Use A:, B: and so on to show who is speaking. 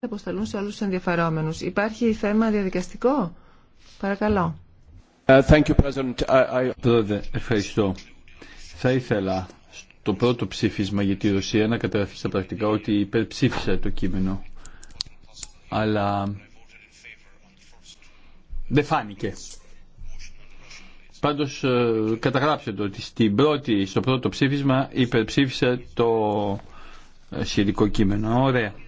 A: θα αποσταλούν σε όλους τους ενδιαφερόμενους. Υπάρχει θέμα διαδικαστικό. Παρακαλώ.
B: Ε, thank you, President. I... Πρόεδρε, ευχαριστώ. Θα ήθελα στο πρώτο ψήφισμα για τη Ρωσία να καταγραφεί στα πρακτικά ότι υπερψήφισα το κείμενο. Αλλά δεν φάνηκε. Πάντως ε, το ότι στην πρώτη, στο πρώτο ψήφισμα υπερψήφισα το ε, σχετικό κείμενο. Ωραία.